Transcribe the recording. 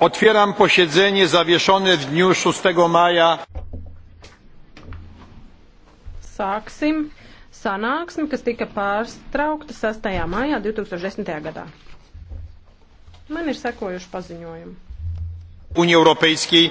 Otwieram posiedzenie zawieszone w dniu 6 maja. Sāksim sanāksmi, kas tika pārstraukta 6. maijā 2010. gadā. Man ir sekojuši paziņojumi. Unija Europejskiej